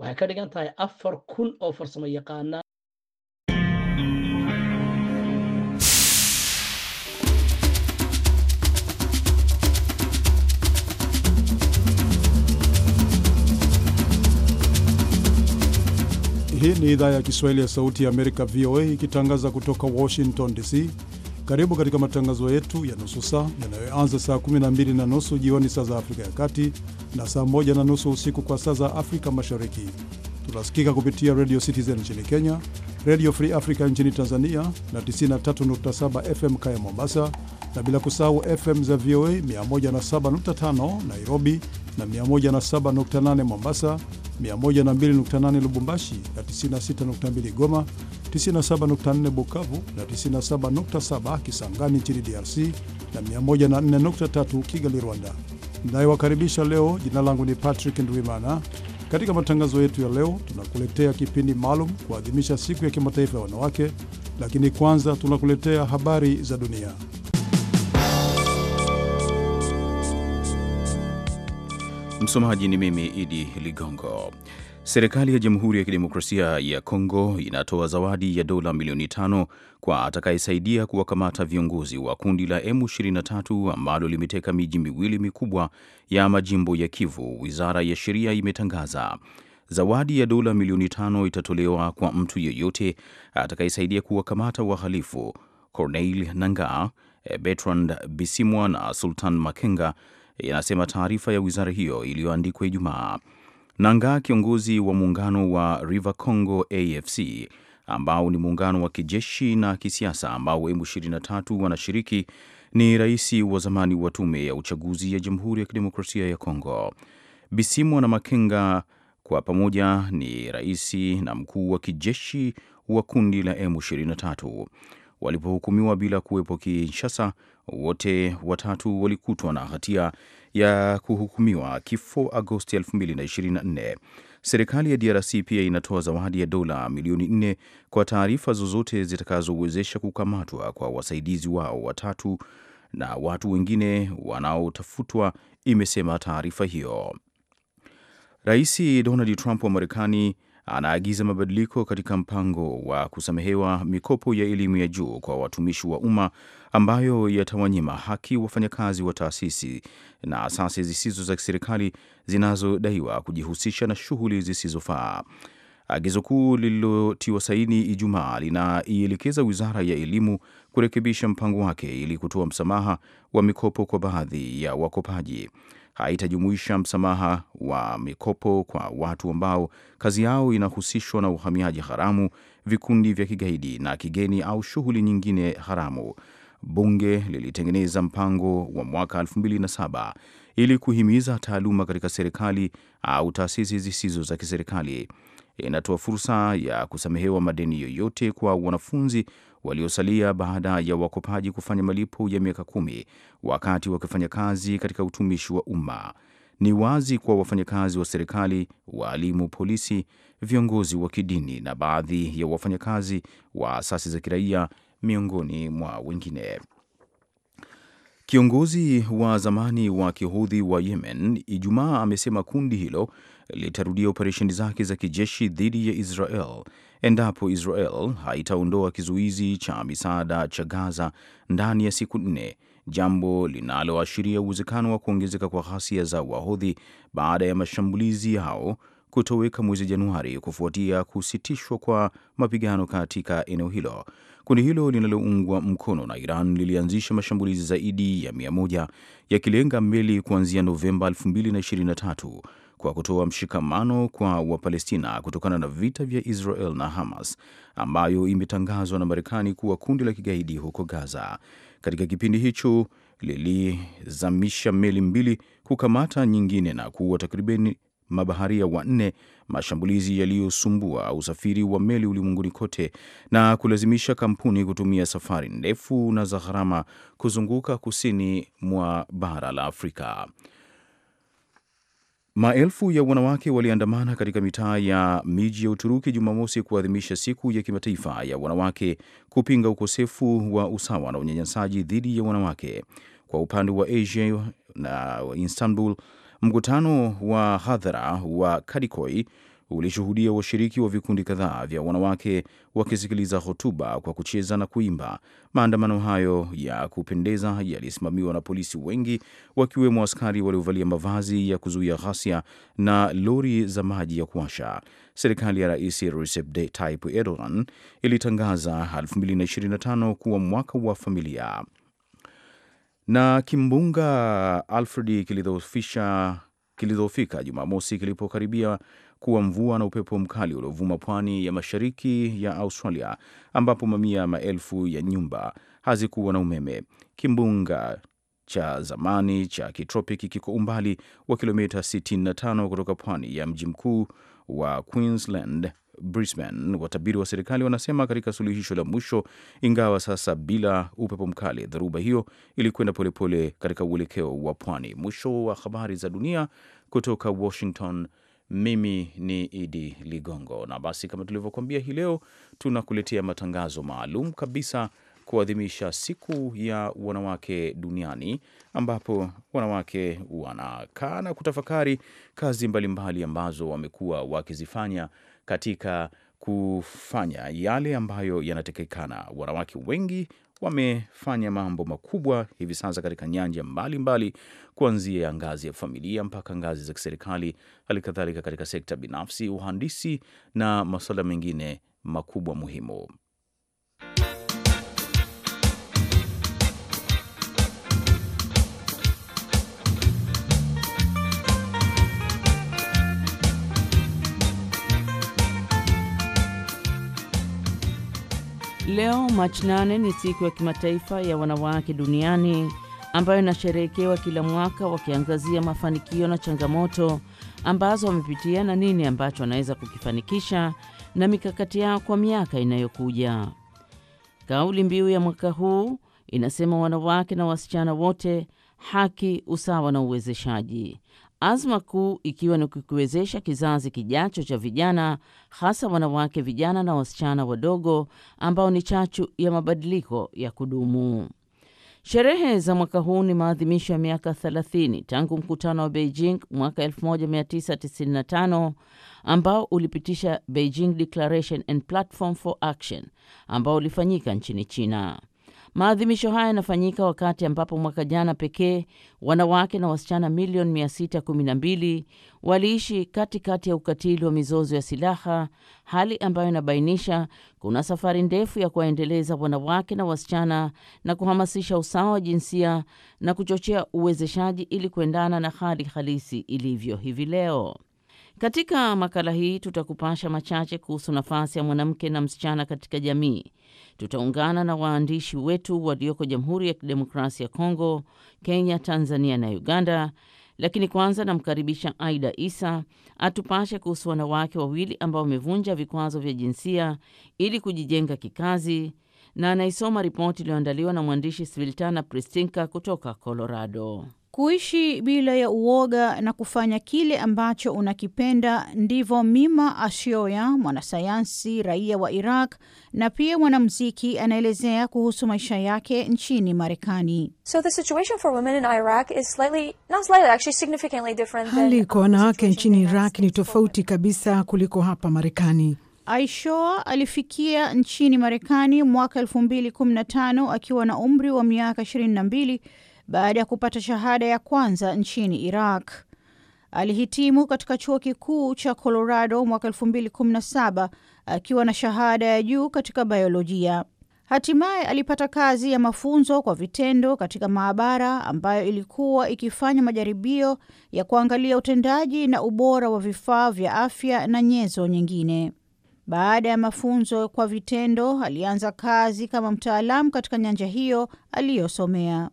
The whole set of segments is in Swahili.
waxay ka dhigan tahay afar kun oo farsamo yaqaana Hii ni idhaa ya Kiswahili ya Sauti ya Amerika, VOA, ikitangaza kutoka Washington DC. Karibu katika matangazo yetu ya nusu saa yanayoanza saa 12 na nusu jioni saa za Afrika ya Kati na saa 1 na nusu usiku kwa saa za Afrika Mashariki tunasikika kupitia Radio Citizen nchini Kenya, Radio Free Africa nchini Tanzania na 93.7 FM kaya Mombasa, na bila kusahau FM za VOA 107.5 Nairobi na 107.8 Mombasa, 102.8 Lubumbashi na 96.2 Goma, 97.4 Bukavu na 97.7 Kisangani nchini DRC na 104.3 Kigali, Rwanda. Nayewakaribisha leo, jina langu ni Patrick Ndwimana katika matangazo yetu ya leo, tunakuletea kipindi maalum kuadhimisha siku ya kimataifa ya wanawake, lakini kwanza tunakuletea habari za dunia. Msomaji ni mimi Idi Ligongo. Serikali ya Jamhuri ya Kidemokrasia ya Kongo inatoa zawadi ya dola milioni tano kwa atakayesaidia kuwakamata viongozi wa kundi la M23 ambalo limeteka miji miwili mikubwa ya majimbo ya Kivu, wizara ya sheria imetangaza. Zawadi ya dola milioni tano itatolewa kwa mtu yeyote atakayesaidia kuwakamata wahalifu corneil nanga Bertrand Bisimwa na Sultan Makenga, inasema taarifa ya wizara hiyo iliyoandikwa Ijumaa. Nangaa, kiongozi wa muungano wa River Congo AFC ambao ni muungano wa kijeshi na kisiasa ambao M23 wanashiriki, ni rais wa zamani wa tume ya uchaguzi ya Jamhuri ya Kidemokrasia ya congo Bisimwa na Makenga kwa pamoja ni rais na mkuu wa kijeshi wa kundi la M23. Walipohukumiwa bila kuwepo Kinshasa, wote watatu walikutwa na hatia ya kuhukumiwa kifo Agosti 2024. Serikali ya DRC pia inatoa zawadi ya dola milioni nne kwa taarifa zozote zitakazowezesha kukamatwa kwa wasaidizi wao watatu na watu wengine wanaotafutwa, imesema taarifa hiyo. Rais Donald Trump wa Marekani anaagiza mabadiliko katika mpango wa kusamehewa mikopo ya elimu ya juu kwa watumishi wa umma ambayo yatawanyima haki wafanyakazi wa taasisi na asasi zisizo za kiserikali zinazodaiwa kujihusisha na shughuli zisizofaa. Agizo kuu lililotiwa saini Ijumaa linaielekeza Wizara ya Elimu kurekebisha mpango wake ili kutoa msamaha wa mikopo kwa baadhi ya wakopaji. Haitajumuisha msamaha wa mikopo kwa watu ambao kazi yao inahusishwa na uhamiaji haramu, vikundi vya kigaidi na kigeni au shughuli nyingine haramu bunge lilitengeneza mpango wa mwaka 2007 ili kuhimiza taaluma katika serikali au taasisi zisizo za kiserikali. Inatoa fursa ya kusamehewa madeni yoyote kwa wanafunzi waliosalia baada ya wakopaji kufanya malipo ya miaka kumi wakati wakifanya kazi katika utumishi wa umma. Ni wazi kwa wafanyakazi wa serikali, waalimu, polisi, viongozi wa kidini na baadhi ya wafanyakazi wa asasi za kiraia miongoni mwa wengine. Kiongozi wa zamani wa kihudhi wa Yemen Ijumaa amesema kundi hilo litarudia operesheni zake za kijeshi dhidi ya Israel endapo Israel haitaondoa kizuizi cha misaada cha Gaza ndani ya siku nne, jambo linaloashiria uwezekano wa kuongezeka kwa ghasia za wahodhi baada ya mashambulizi yao kutoweka mwezi Januari kufuatia kusitishwa kwa mapigano katika eneo hilo Kundi hilo linaloungwa mkono na Iran lilianzisha mashambulizi zaidi ya mia moja yakilenga meli kuanzia Novemba 2023 kwa kutoa mshikamano kwa Wapalestina kutokana na vita vya Israel na Hamas ambayo imetangazwa na Marekani kuwa kundi la kigaidi huko Gaza. Katika kipindi hicho lilizamisha meli mbili, kukamata nyingine na kuua takribani mabaharia wanne, mashambulizi yaliyosumbua usafiri wa meli ulimwenguni kote na kulazimisha kampuni kutumia safari ndefu na za gharama kuzunguka kusini mwa bara la Afrika. Maelfu ya wanawake waliandamana katika mitaa ya miji ya Uturuki Jumamosi kuadhimisha siku ya kimataifa ya wanawake, kupinga ukosefu wa usawa na unyanyasaji dhidi ya wanawake. Kwa upande wa Asia na Istanbul, Mkutano wa hadhara wa Kadikoi ulishuhudia washiriki wa vikundi kadhaa vya wanawake wakisikiliza hotuba kwa kucheza na kuimba. Maandamano hayo ya kupendeza yalisimamiwa na polisi wengi, wakiwemo askari waliovalia mavazi ya kuzuia ghasia na lori za maji ya kuasha. Serikali ya Rais Recep Tayyip Erdogan ilitangaza 2025 kuwa mwaka wa familia. Na kimbunga Alfred kilidhoofika Jumamosi kilipokaribia kuwa mvua na upepo mkali uliovuma pwani ya mashariki ya Australia, ambapo mamia ya maelfu ya nyumba hazikuwa na umeme. Kimbunga cha zamani cha kitropiki kiko umbali wa kilomita 65 kutoka pwani ya mji mkuu wa Queensland Brisbane. Watabiri wa serikali wanasema katika suluhisho la mwisho, ingawa sasa bila upepo mkali, dharuba hiyo ilikwenda polepole katika uelekeo wa pwani. Mwisho wa habari za dunia kutoka Washington. Mimi ni Idi Ligongo, na basi kama tulivyokuambia, hii leo tunakuletea matangazo maalum kabisa kuadhimisha siku ya wanawake duniani ambapo wanawake wanakaa na kutafakari kazi mbalimbali mbali ambazo wamekuwa wakizifanya katika kufanya yale ambayo yanatekekana. Wanawake wengi wamefanya mambo makubwa hivi sasa katika nyanja mbalimbali, kuanzia ya ngazi ya familia mpaka ngazi za kiserikali, hali kadhalika katika sekta binafsi, uhandisi na masuala mengine makubwa muhimu. Leo Machi 8 ni siku ya kimataifa ya wanawake duniani ambayo inasherehekewa kila mwaka, wakiangazia mafanikio na changamoto ambazo wamepitia na nini ambacho wanaweza kukifanikisha na mikakati yao kwa miaka inayokuja. Kauli mbiu ya mwaka huu inasema wanawake na wasichana wote, haki, usawa na uwezeshaji azma kuu ikiwa ni kukiwezesha kizazi kijacho cha vijana, hasa wanawake vijana na wasichana wadogo ambao ni chachu ya mabadiliko ya kudumu. Sherehe za mwaka huu ni maadhimisho ya miaka 30 tangu mkutano wa Beijing mwaka 1995 ambao ulipitisha Beijing Declaration and Platform for Action ambao ulifanyika nchini China. Maadhimisho haya yanafanyika wakati ambapo mwaka jana pekee wanawake na wasichana milioni 612 waliishi katikati kati ya ukatili wa mizozo ya silaha, hali ambayo inabainisha kuna safari ndefu ya kuwaendeleza wanawake na wasichana na kuhamasisha usawa wa jinsia na kuchochea uwezeshaji ili kuendana na hali halisi ilivyo hivi leo. Katika makala hii tutakupasha machache kuhusu nafasi ya mwanamke na msichana katika jamii. Tutaungana na waandishi wetu walioko Jamhuri ya Kidemokrasia ya Kongo, Kenya, Tanzania na Uganda. Lakini kwanza namkaribisha Aida Isa atupashe kuhusu wanawake wawili ambao wamevunja vikwazo vya jinsia ili kujijenga kikazi, na anaisoma ripoti iliyoandaliwa na mwandishi Sviltana Pristinka kutoka Colorado. Kuishi bila ya uoga na kufanya kile ambacho unakipenda ndivyo Mima Ashoya, mwanasayansi raia wa Iraq na pia mwanamuziki, anaelezea kuhusu maisha yake nchini Marekani. So hali kwa wanawake nchini Iraq ni tofauti kabisa kuliko hapa Marekani. Aishoa alifikia nchini Marekani mwaka 2015 akiwa na umri wa miaka 22 baada ya kupata shahada ya kwanza nchini Iraq. Alihitimu katika chuo kikuu cha Colorado mwaka 2017 akiwa na shahada ya juu katika biolojia. Hatimaye alipata kazi ya mafunzo kwa vitendo katika maabara ambayo ilikuwa ikifanya majaribio ya kuangalia utendaji na ubora wa vifaa vya afya na nyenzo nyingine. Baada ya mafunzo kwa vitendo, alianza kazi kama mtaalamu katika nyanja hiyo aliyosomea.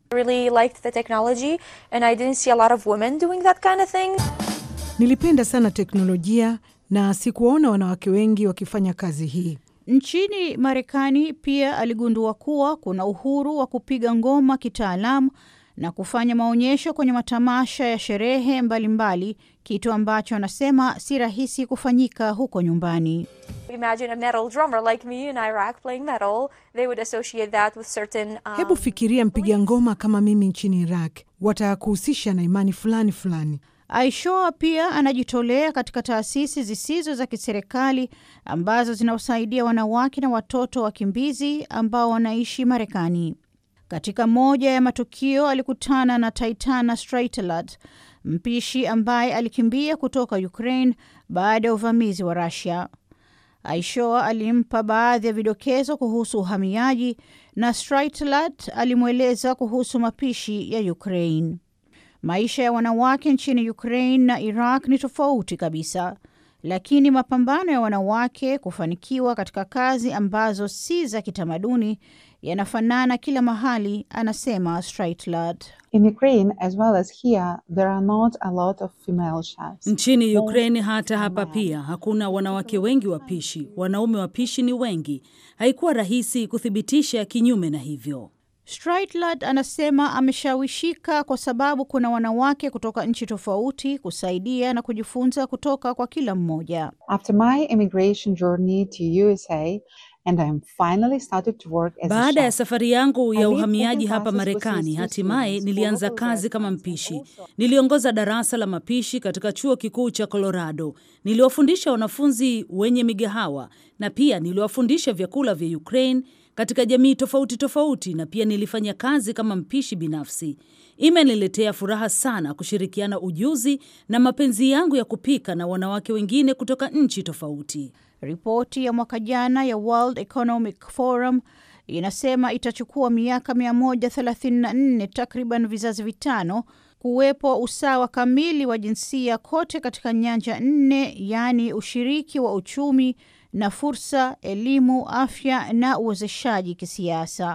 Nilipenda sana teknolojia na sikuwaona wanawake wengi wakifanya kazi hii. Nchini Marekani pia aligundua kuwa kuna uhuru wa kupiga ngoma kitaalamu na kufanya maonyesho kwenye matamasha ya sherehe mbalimbali, kitu ambacho anasema si rahisi kufanyika huko nyumbani. Um, Hebu fikiria mpiga ngoma kama mimi nchini Iraq, watakuhusisha na imani fulani fulani. Aishoa pia anajitolea katika taasisi zisizo za kiserikali ambazo zinawasaidia wanawake na watoto wakimbizi ambao wanaishi Marekani. Katika moja ya matukio alikutana na titana Stratilat, mpishi ambaye alikimbia kutoka Ukraine baada ya uvamizi wa Rusia. Aishoa alimpa baadhi ya vidokezo kuhusu uhamiaji na Stratilat alimweleza kuhusu mapishi ya Ukraine. Maisha ya wanawake nchini Ukraine na Iraq ni tofauti kabisa, lakini mapambano ya wanawake kufanikiwa katika kazi ambazo si za kitamaduni yanafanana kila mahali, anasema Streitler. In Ukraine, as well as here, there are not a lot of female chefs. Nchini Ukraine hata hapa pia hakuna wanawake wengi wapishi, wanaume wapishi ni wengi. Haikuwa rahisi kuthibitisha kinyume na hivyo. Streitlad anasema ameshawishika kwa sababu kuna wanawake kutoka nchi tofauti kusaidia na kujifunza kutoka kwa kila mmoja. After my immigration journey to USA, baada ya safari yangu ya uhamiaji hapa Marekani, hatimaye nilianza kazi kama mpishi. Niliongoza darasa la mapishi katika chuo kikuu cha Colorado. Niliwafundisha wanafunzi wenye migahawa na pia niliwafundisha vyakula vya Ukraine katika jamii tofauti tofauti, na pia nilifanya kazi kama mpishi binafsi. Imeniletea furaha sana kushirikiana ujuzi na mapenzi yangu ya kupika na wanawake wengine kutoka nchi tofauti. Ripoti ya mwaka jana ya World Economic Forum inasema itachukua miaka 134 takriban vizazi vitano kuwepo usawa kamili wa jinsia kote katika nyanja nne, yaani ushiriki wa uchumi na fursa, elimu, afya na uwezeshaji kisiasa.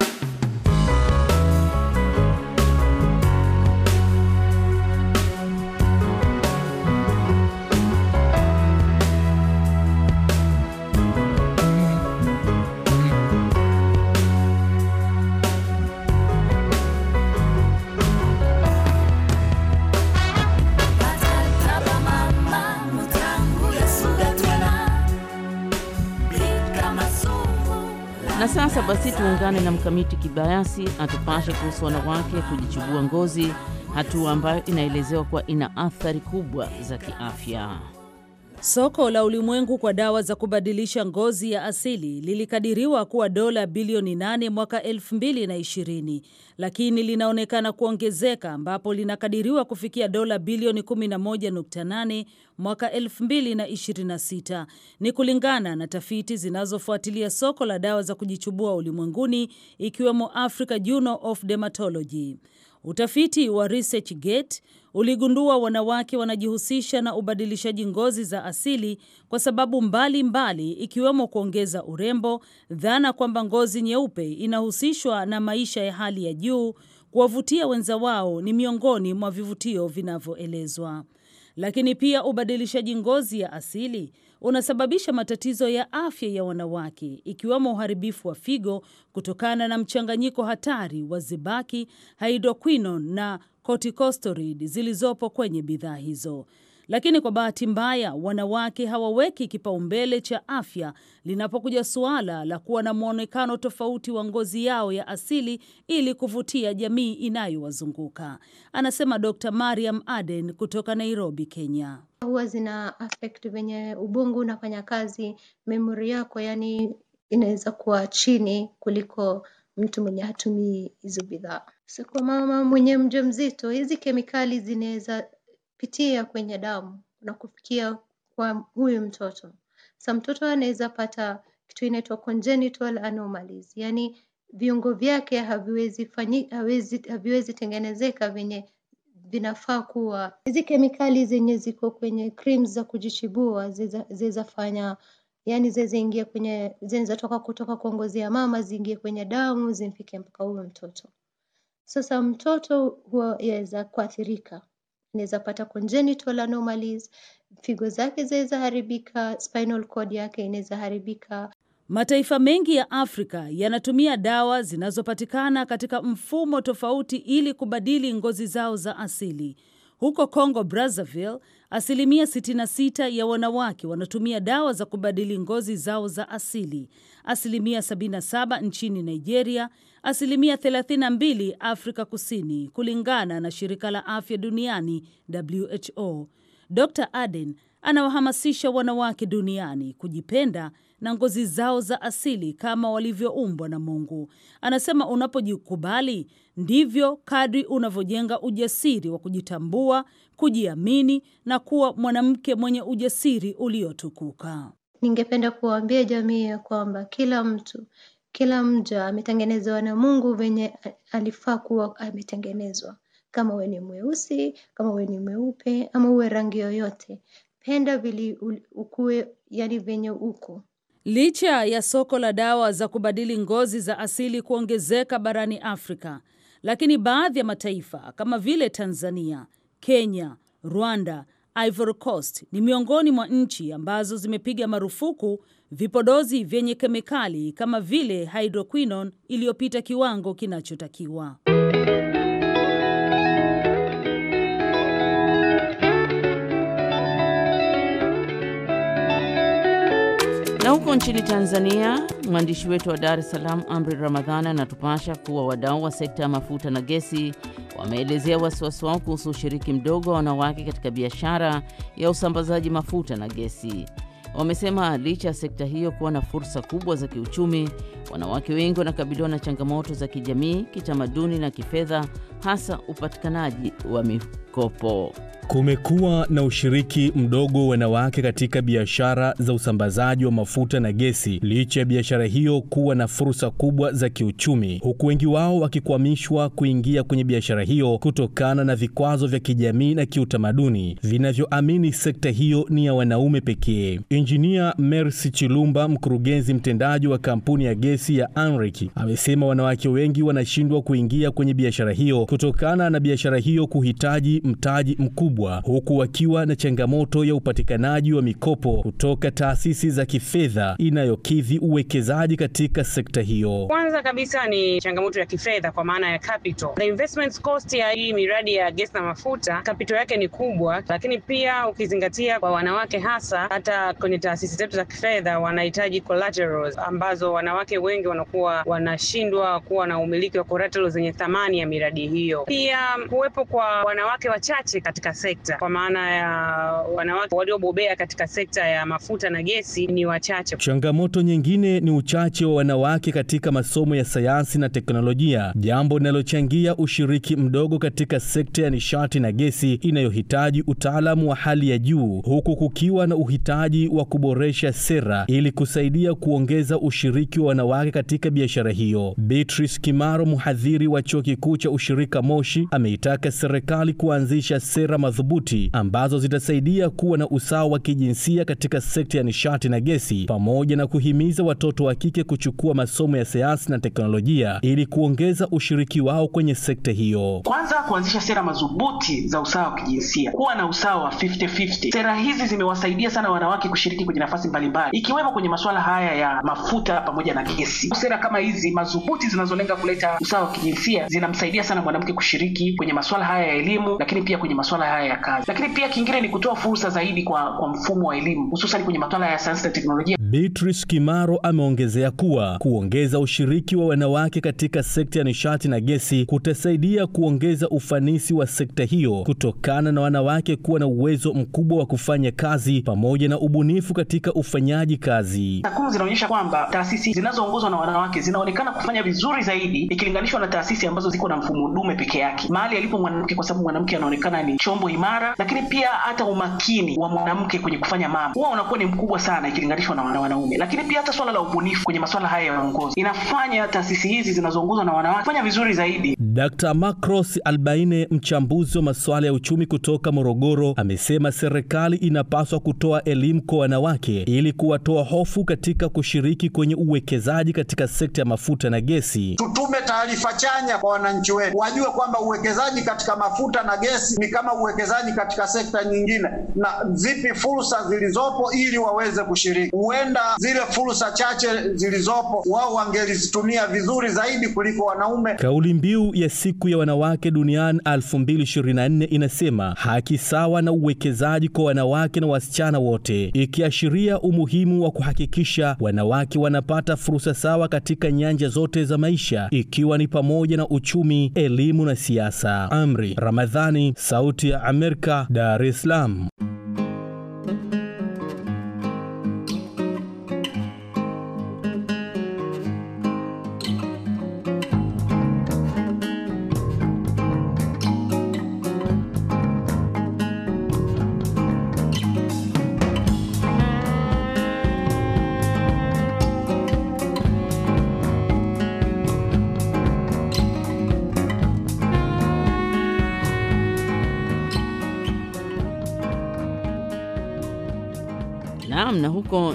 Na sasa basi tuungane na Mkamiti Kibayasi atupashe kuhusu wanawake kujichubua ngozi, hatua ambayo inaelezewa kuwa ina athari kubwa za kiafya. Soko la ulimwengu kwa dawa za kubadilisha ngozi ya asili lilikadiriwa kuwa dola bilioni 8 mwaka 2020, lakini linaonekana kuongezeka ambapo linakadiriwa kufikia dola bilioni 11.8 mwaka 2026. Ni kulingana na tafiti zinazofuatilia soko la dawa za kujichubua ulimwenguni ikiwemo Africa Journal of Dermatology. Utafiti wa ResearchGate uligundua wanawake wanajihusisha na ubadilishaji ngozi za asili kwa sababu mbalimbali mbali, ikiwemo kuongeza urembo, dhana kwamba ngozi nyeupe inahusishwa na maisha ya hali ya juu, kuwavutia wenza wao ni miongoni mwa vivutio vinavyoelezwa. Lakini pia ubadilishaji ngozi ya asili unasababisha matatizo ya afya ya wanawake ikiwemo uharibifu wa figo kutokana na mchanganyiko hatari wa zebaki, hydroquinone na corticosteroid zilizopo kwenye bidhaa hizo. Lakini kwa bahati mbaya, wanawake hawaweki kipaumbele cha afya linapokuja suala la kuwa na mwonekano tofauti wa ngozi yao ya asili ili kuvutia jamii inayowazunguka, anasema Dr. Mariam Aden kutoka Nairobi, Kenya huwa zina affect venye ubongo unafanya kazi, memory yako yaani inaweza kuwa chini kuliko mtu mwenye hatumii hizo bidhaa. So kwa mama mwenye mjamzito, hizi kemikali zinaweza pitia kwenye damu na kufikia kwa huyu mtoto. Sa mtoto anaweza pata kitu inaitwa congenital anomalies, yaani viungo vyake haviwezi tengenezeka venye vinafaa kuwa hizi kemikali zenye ziko kwenye creams za kujichibua zizafanya yani zezaingia kwenye zinatoka kutoka kwa ngozi ya mama ziingie kwenye damu zimfike mpaka huyo mtoto. Sasa mtoto huwa yaweza kuathirika, anaweza pata congenital anomalies, figo zake zaweza haribika, spinal cord yake inaweza haribika. Mataifa mengi ya Afrika yanatumia dawa zinazopatikana katika mfumo tofauti ili kubadili ngozi zao za asili. Huko Congo Brazzaville, asilimia 66 ya wanawake wanatumia dawa za kubadili ngozi zao za asili, asilimia 77 nchini Nigeria, asilimia 32 Afrika Kusini, kulingana na shirika la afya duniani WHO. Dr Aden anawahamasisha wanawake duniani kujipenda na ngozi zao za asili kama walivyoumbwa na Mungu. Anasema unapojikubali ndivyo kadri unavyojenga ujasiri wa kujitambua, kujiamini na kuwa mwanamke mwenye ujasiri uliotukuka. Ningependa kuwaambia jamii ya kwamba kila mtu, kila mja ametengenezwa na Mungu venye alifaa kuwa ametengenezwa. Kama uwe ni mweusi, kama uwe ni mweupe, ama uwe rangi yoyote, penda vili ukue, yani venye uko. Licha ya soko la dawa za kubadili ngozi za asili kuongezeka barani Afrika, lakini baadhi ya mataifa kama vile Tanzania, Kenya, Rwanda, Ivory Coast ni miongoni mwa nchi ambazo zimepiga marufuku vipodozi vyenye kemikali kama vile hydroquinone iliyopita kiwango kinachotakiwa. Na huko nchini Tanzania, mwandishi wetu wa Dar es Salaam Amri Ramadhani anatupasha kuwa wadau wa sekta ya mafuta na gesi wameelezea wasiwasi wao kuhusu ushiriki mdogo wa wanawake katika biashara ya usambazaji mafuta na gesi. Wamesema licha ya sekta hiyo kuwa na fursa kubwa za kiuchumi, Wanawake wengi wanakabiliwa na changamoto za kijamii, kitamaduni na kifedha, hasa upatikanaji wa mikopo. Kumekuwa na ushiriki mdogo wa wanawake katika biashara za usambazaji wa mafuta na gesi, licha ya biashara hiyo kuwa na fursa kubwa za kiuchumi, huku wengi wao wakikwamishwa kuingia kwenye biashara hiyo kutokana na vikwazo vya kijamii na kiutamaduni vinavyoamini sekta hiyo ni ya wanaume pekee. Injinia Mercy Chilumba, mkurugenzi mtendaji wa kampuni ya gesi ya Anrik. amesema wanawake wengi wanashindwa kuingia kwenye biashara hiyo kutokana na biashara hiyo kuhitaji mtaji mkubwa, huku wakiwa na changamoto ya upatikanaji wa mikopo kutoka taasisi za kifedha inayokidhi uwekezaji katika sekta hiyo. Kwanza kabisa ni changamoto ya kifedha kwa maana ya capital. The investment cost ya hii miradi ya gesi na mafuta capital yake ni kubwa, lakini pia ukizingatia kwa wanawake hasa hata kwenye taasisi zetu za kifedha wanahitaji collaterals ambazo wanawake wengi wanakuwa wanashindwa kuwa na umiliki wa collateral zenye thamani ya miradi hiyo. Pia kuwepo kwa wanawake wachache katika sekta, kwa maana ya wanawake waliobobea katika sekta ya mafuta na gesi ni wachache. Changamoto nyingine ni uchache wa wanawake katika masomo ya sayansi na teknolojia, jambo linalochangia ushiriki mdogo katika sekta ya nishati na gesi inayohitaji utaalamu wa hali ya juu, huku kukiwa na uhitaji wa kuboresha sera ili kusaidia kuongeza ushiriki wa wanawake wake katika biashara hiyo. Beatrice Kimaro, mhadhiri wa chuo kikuu cha ushirika Moshi, ameitaka serikali kuanzisha sera madhubuti ambazo zitasaidia kuwa na usawa wa kijinsia katika sekta ya nishati na gesi, pamoja na kuhimiza watoto wa kike kuchukua masomo ya sayansi na teknolojia ili kuongeza ushiriki wao kwenye sekta hiyo. Kwanza, kuanzisha sera madhubuti za usawa wa kijinsia, kuwa na usawa 50-50. Sera hizi zimewasaidia sana wanawake kushiriki kwenye nafasi mbalimbali, ikiwemo kwenye masuala haya ya mafuta pamoja na gesi kesi. Sera kama hizi madhubuti zinazolenga kuleta usawa wa kijinsia zinamsaidia sana mwanamke kushiriki kwenye masuala haya ya elimu, lakini pia kwenye masuala haya ya kazi. Lakini pia kingine ni kutoa fursa zaidi kwa, kwa mfumo wa elimu hususan kwenye masuala ya sayansi na teknolojia. Beatrice Kimaro ameongezea kuwa kuongeza ushiriki wa wanawake katika sekta ya nishati na gesi kutasaidia kuongeza ufanisi wa sekta hiyo kutokana na wanawake kuwa na uwezo mkubwa wa kufanya kazi pamoja na ubunifu katika ufanyaji kazi. Takwimu zinaonyesha kwamba taasisi zinazo zinazoongozwa na wanawake zinaonekana kufanya vizuri zaidi ikilinganishwa na taasisi ambazo ziko na mfumo dume peke yake, mahali alipo mwanamke, kwa sababu mwanamke anaonekana ni chombo imara, lakini pia hata umakini wa mwanamke kwenye kufanya mambo huwa unakuwa ni mkubwa sana ikilinganishwa na wanaume. Lakini pia hata swala la ubunifu kwenye maswala haya ya uongozi inafanya taasisi hizi zinazoongozwa na wanawake fanya vizuri zaidi. Dr. Macros Albaine, mchambuzi wa masuala ya uchumi kutoka Morogoro, amesema serikali inapaswa kutoa elimu kwa wanawake ili kuwatoa hofu katika kushiriki kwenye uwekezaji uwekezaji katika sekta ya mafuta na gesi. Tutume taarifa chanya kwa wananchi wetu, wajue kwamba uwekezaji katika mafuta na gesi ni kama uwekezaji katika sekta nyingine, na zipi fursa zilizopo ili waweze kushiriki. Huenda zile fursa chache zilizopo wao wangelizitumia vizuri zaidi kuliko wanaume. Kauli mbiu ya siku ya wanawake duniani 2024 inasema haki sawa na uwekezaji kwa wanawake na wasichana wote, ikiashiria umuhimu wa kuhakikisha wanawake wanapata fursa sawa katika nyanja zote za maisha ikiwa ni pamoja na uchumi, elimu na siasa. Amri Ramadhani, Sauti ya Amerika, Dar es Salaam.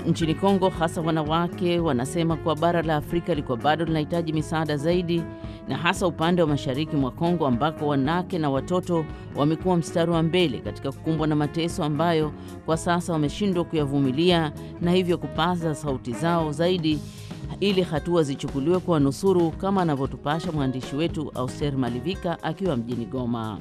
nchini Kongo, hasa wanawake, wanasema kuwa bara la Afrika liko bado linahitaji misaada zaidi, na hasa upande wa mashariki mwa Kongo ambako wanawake na watoto wamekuwa mstari wa mbele katika kukumbwa na mateso ambayo kwa sasa wameshindwa kuyavumilia, na hivyo kupaza sauti zao zaidi ili hatua zichukuliwe kuwanusuru, kama anavyotupasha mwandishi wetu Auster Malivika akiwa mjini Goma.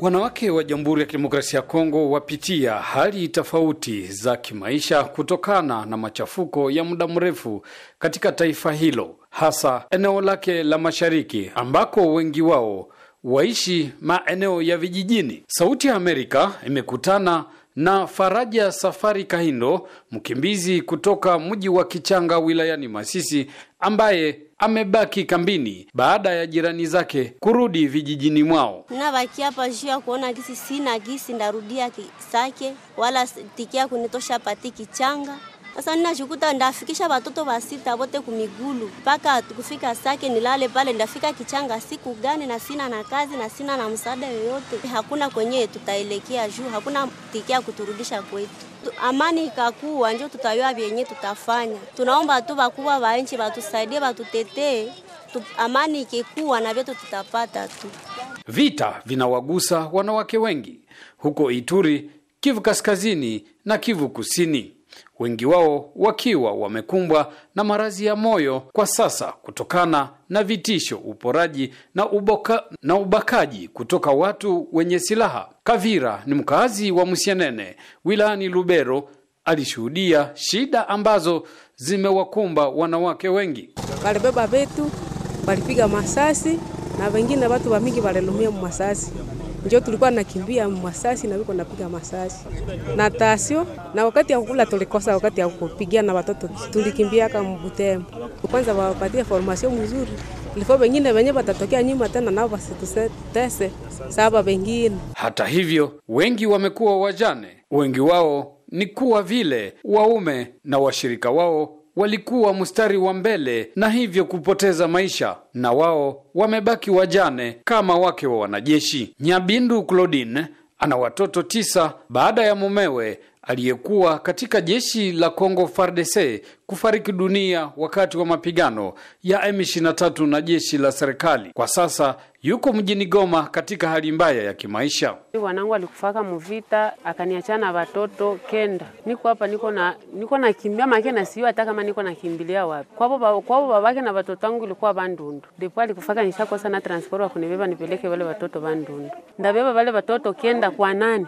Wanawake wa Jamhuri ya Kidemokrasia ya Kongo wapitia hali tofauti za kimaisha kutokana na machafuko ya muda mrefu katika taifa hilo, hasa eneo lake la mashariki ambako wengi wao waishi maeneo ya vijijini. Sauti ya Amerika imekutana na Faraja Safari Kahindo, mkimbizi kutoka mji wa Kichanga wilayani Masisi ambaye amebaki kambini baada ya jirani zake kurudi vijijini mwao. Nabaki hapa juu ya kuona gisi, sina gisi, ndarudia kisake wala tikia kunitosha pati kichanga sasa ninachukuta ndafikisha watoto sita wote kumigulu mpaka kufika Sake, nilale pale. Ndafika kichanga siku gani? na sina na kazi na sina na msaada yoyote, hakuna kwenye tutaelekea juu, hakuna tikia kuturudisha kwetu amani ikakuwa, njo tutayua vyenye tutafanya. Tunaomba tu vakubwa ba nchi batusaidie, batutetee tu, amani ikikuwa na vyetu tutapata tu. Vita vinawagusa wanawake wengi huko Ituri, Kivu Kaskazini na Kivu Kusini wengi wao wakiwa wamekumbwa na maradhi ya moyo kwa sasa kutokana na vitisho, uporaji na, uboka, na ubakaji kutoka watu wenye silaha. Kavira ni mkazi wa Musienene wilayani Lubero, alishuhudia shida ambazo zimewakumba wanawake wengi. Walibeba vetu, walipiga masasi na wengine watu wamingi walilumia masasi njo tulikuwa nakimbia masasi na wiko napiga masasi na tasio, na wakati ya kukula tulikosa, wakati ya kupigia na watoto tulikimbia kama Mbutembo. Kwanza wapatie formation mzuri, lifo wengine wenye watatokea nyuma tena nao wasitutese saba wengine. Hata hivyo, wengi wamekuwa wajane, wengi wao ni kuwa vile waume na washirika wao walikuwa mstari wa mbele na hivyo kupoteza maisha, na wao wamebaki wajane kama wake wa wanajeshi. Nyabindu Claudine ana watoto tisa baada ya mumewe aliyekuwa katika jeshi la Kongo FARDC kufariki dunia wakati wa mapigano ya M23 na jeshi la serikali. Kwa sasa yuko mjini Goma katika hali mbaya ya kimaisha. Wanangu alikufaka muvita, akaniachana watoto kenda. Niko hapa niko na niko nakimbia make na sio hata kama niko na kimbilia wapi. Kwao kwao babake na watoto wangu ilikuwa bandundu. Ndipo alikufaka nishakosa na transport wa kunibeba nipeleke wale watoto bandundu. Ndabeba wale watoto kenda kwa nani?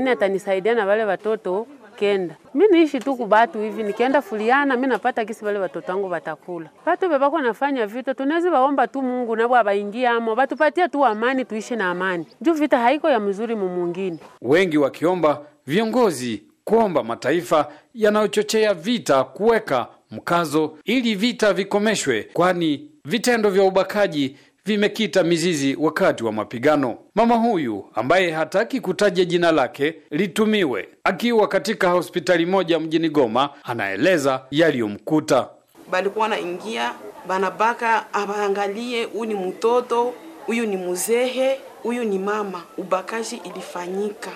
nani atanisaidia na wale watoto kenda. Mi niishi tu kubatu hivi, nikienda fuliana mi napata kisi wale watoto wangu watakula. Watu bebako nafanya vita, tunaweza waomba tu Mungu nabo abaingie amo, batupatie tu amani, tuishi na amani juu vita haiko ya mzuri mumungini wengi wakiomba viongozi kuomba mataifa yanayochochea vita kuweka mkazo ili vita vikomeshwe, kwani vitendo vya ubakaji vimekita mizizi wakati wa mapigano. Mama huyu ambaye hataki kutaja jina lake litumiwe, akiwa katika hospitali moja mjini Goma, anaeleza yaliyomkuta. Balikuwa wanaingia banabaka, abaangalie huyu ni mtoto, huyu ni muzehe, huyu ni mama. Ubakaji ilifanyika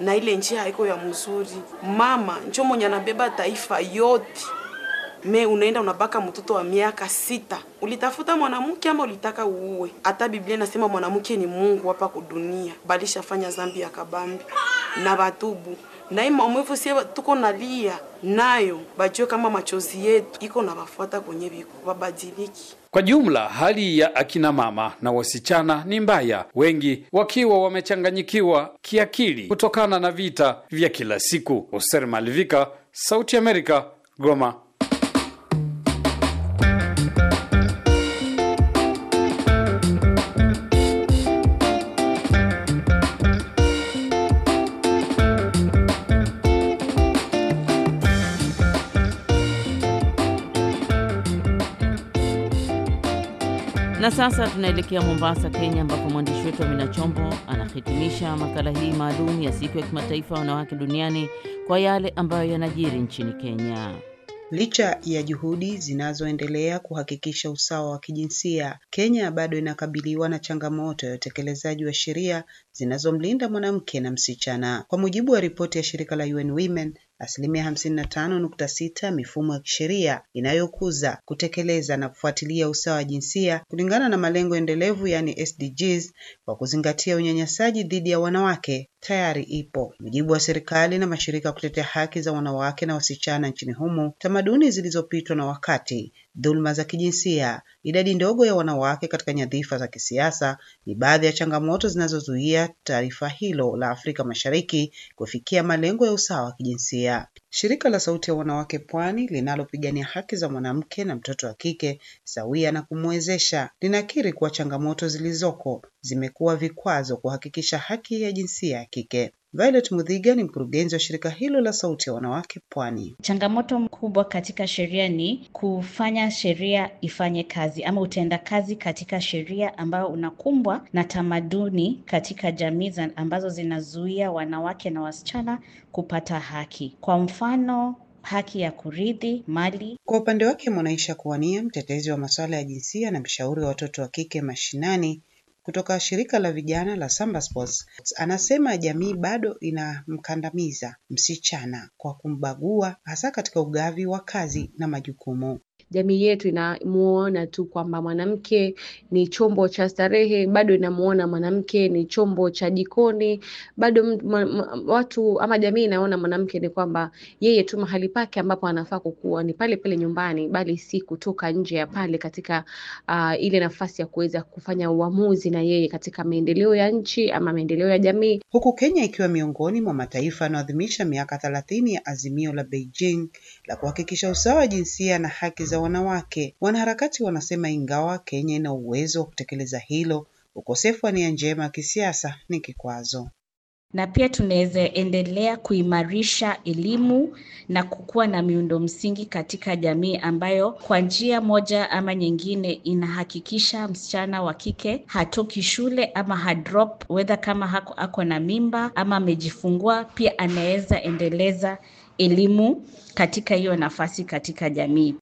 na ile njia haiko ya mzuri. Mama njo mwenye anabeba taifa yote me unaenda unabaka mtoto wa miaka sita, ulitafuta mwanamke ama ulitaka uue? Hata Biblia inasema mwanamke ni Mungu hapa kudunia, balishafanya zambi ya kabambi na batubu na maumivu sie tuko nalia nayo, bajue kama machozi yetu iko na bafuata kwenye biko wabadiliki. Kwa jumla hali ya akina mama na wasichana ni mbaya, wengi wakiwa wamechanganyikiwa kiakili kutokana na vita vya kila siku. Oser Malivika, Sauti Amerika, Goma. sasa tunaelekea Mombasa, Kenya, ambapo mwandishi wetu Amina Chombo anahitimisha makala hii maalum ya siku ya kimataifa ya wanawake duniani kwa yale ambayo yanajiri nchini Kenya. Licha ya juhudi zinazoendelea kuhakikisha usawa wa kijinsia, Kenya bado inakabiliwa na changamoto ya utekelezaji wa sheria zinazomlinda mwanamke na msichana. Kwa mujibu wa ripoti ya shirika la UN Women, asilimia 55.6 mifumo ya kisheria inayokuza, kutekeleza na kufuatilia usawa wa jinsia kulingana na malengo endelevu yani SDGs kwa kuzingatia unyanyasaji dhidi ya wanawake tayari ipo. Mujibu wa serikali na mashirika ya kutetea haki za wanawake na wasichana nchini humo, tamaduni zilizopitwa na wakati, dhuluma za kijinsia, idadi ndogo ya wanawake katika nyadhifa za kisiasa ni baadhi ya changamoto zinazozuia taifa hilo la Afrika Mashariki kufikia malengo ya usawa wa kijinsia. Shirika la Sauti ya Wanawake Pwani linalopigania haki za mwanamke na mtoto wa kike sawia na kumwezesha, linakiri kuwa changamoto zilizoko zimekuwa vikwazo kuhakikisha haki ya jinsia ya kike. Violet Mudhiga ni mkurugenzi wa shirika hilo la Sauti ya Wanawake Pwani. Changamoto mkubwa katika sheria ni kufanya sheria ifanye kazi ama utenda kazi katika sheria ambayo unakumbwa na tamaduni katika jamii ambazo zinazuia wanawake na wasichana kupata haki. Kwa mfano haki ya kurithi mali. Kwa upande wake, Mwanaisha Kuwania, mtetezi wa masuala ya jinsia na mshauri wa watoto wa kike mashinani, kutoka shirika la vijana la Samba Sports anasema jamii bado inamkandamiza msichana kwa kumbagua hasa katika ugavi wa kazi na majukumu jamii yetu inamuona tu kwamba mwanamke ni chombo cha starehe, bado inamuona mwanamke ni chombo cha jikoni, bado watu ama jamii inaona mwanamke ni kwamba yeye tu mahali pake ambapo anafaa kukua ni pale pale nyumbani, bali si kutoka nje ya pale katika uh, ile nafasi ya kuweza kufanya uamuzi na yeye katika maendeleo ya nchi ama maendeleo ya jamii. Huku Kenya ikiwa miongoni mwa mataifa yanayoadhimisha miaka thelathini ya azimio la Beijing la kuhakikisha usawa wa jinsia na haki za za wanawake. Wanaharakati wanasema ingawa Kenya ina uwezo wa kutekeleza hilo, ukosefu wa nia njema ya kisiasa ni kikwazo na pia tunaweza endelea kuimarisha elimu na kukuwa na miundo msingi katika jamii ambayo kwa njia moja ama nyingine inahakikisha msichana wa kike hatoki shule ama hadrop, wedha kama hako ako na mimba ama amejifungua, pia anaweza endeleza elimu katika hiyo nafasi katika jamii.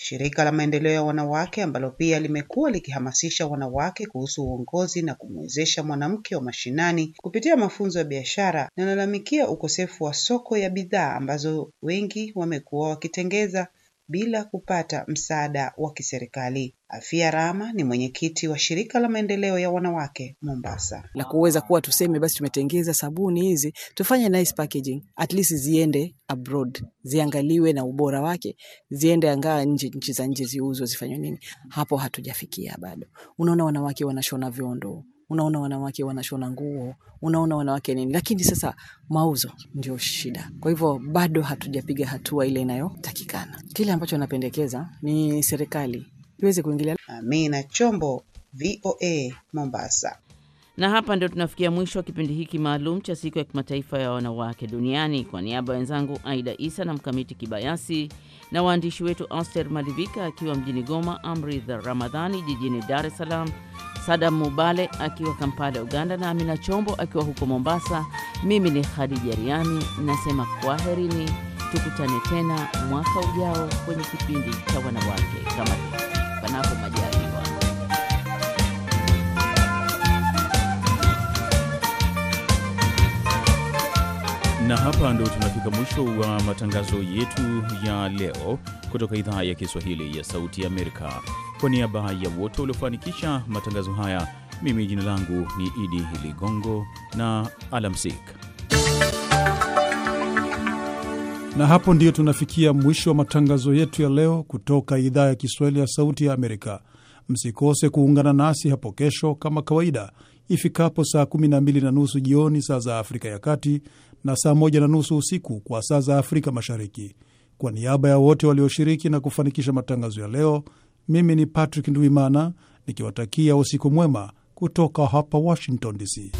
Shirika la maendeleo ya wanawake ambalo pia limekuwa likihamasisha wanawake kuhusu uongozi na kumwezesha mwanamke wa mashinani kupitia mafunzo ya biashara, linalalamikia ukosefu wa soko ya bidhaa ambazo wengi wamekuwa wakitengeza bila kupata msaada wa kiserikali. Afia Rama ni mwenyekiti wa shirika la maendeleo ya wanawake Mombasa. La kuweza kuwa tuseme basi tumetengeza sabuni hizi tufanye nice packaging, at least ziende abroad, ziangaliwe na ubora wake, ziende angaa nje, nchi za nje ziuzwe, zifanywe nini. Hapo hatujafikia bado. Unaona wanawake wanashona viondo unaona wanawake wanashona nguo, unaona wanawake nini, lakini sasa mauzo ndio shida. Kwa hivyo bado hatujapiga hatua ile inayotakikana. Kile ambacho napendekeza ni serikali iweze kuingilia. Amina Chombo, VOA Mombasa. Na hapa ndio tunafikia mwisho wa kipindi hiki maalum cha siku ya kimataifa ya wanawake duniani. Kwa niaba ya wenzangu Aida Isa na Mkamiti Kibayasi na waandishi wetu Auster Malivika akiwa mjini Goma, Amri Ramadhani jijini Dar es Salaam Sadam Mubale akiwa Kampala, Uganda, na Amina Chombo akiwa huko Mombasa. Mimi ni Khadija riani nasema kwaherini, tukutane tena mwaka ujao kwenye kipindi cha wanawake kama panapo majaliwa. Na hapa ndo tunafika mwisho wa matangazo yetu ya leo kutoka idhaa ya Kiswahili ya Sauti ya Amerika. Kwa niaba ya wote waliofanikisha matangazo haya, mimi jina langu ni Idi Ligongo na alamsik. Na hapo ndiyo tunafikia mwisho wa matangazo yetu ya leo kutoka idhaa ya Kiswahili ya Sauti ya Amerika. Msikose kuungana nasi hapo kesho kama kawaida ifikapo saa 12 na nusu jioni saa za Afrika ya Kati na saa 1 na nusu usiku kwa saa za Afrika Mashariki. Kwa niaba ya wote walioshiriki na kufanikisha matangazo ya leo, mimi ni Patrick nduimana nikiwatakia usiku mwema kutoka hapa Washington DC.